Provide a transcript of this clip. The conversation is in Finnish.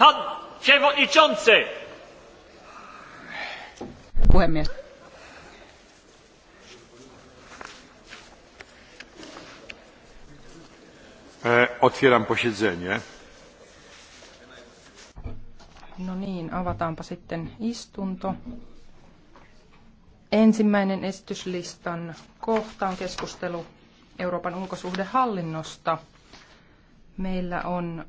Pan przewodniczący! Puhemies. E, otwieram posiedzenie. No niin, avataanpa sitten istunto. Ensimmäinen esityslistan kohta on keskustelu Euroopan ulkosuhdehallinnosta. Meillä on